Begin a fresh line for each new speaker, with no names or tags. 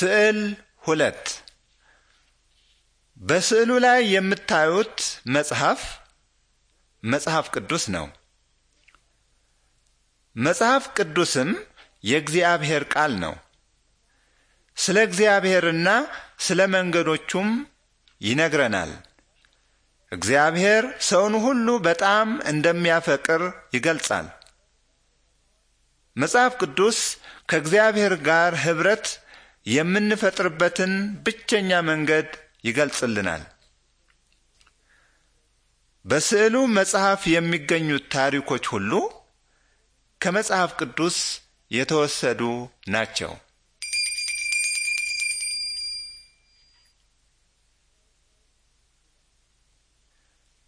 ስዕል ሁለት በስዕሉ ላይ የምታዩት መጽሐፍ መጽሐፍ ቅዱስ ነው። መጽሐፍ ቅዱስም የእግዚአብሔር ቃል ነው። ስለ እግዚአብሔርና ስለ መንገዶቹም ይነግረናል። እግዚአብሔር ሰውን ሁሉ በጣም እንደሚያፈቅር ይገልጻል። መጽሐፍ ቅዱስ ከእግዚአብሔር ጋር ኅብረት የምንፈጥርበትን ብቸኛ መንገድ ይገልጽልናል። በስዕሉ መጽሐፍ የሚገኙት ታሪኮች ሁሉ ከመጽሐፍ ቅዱስ የተወሰዱ ናቸው።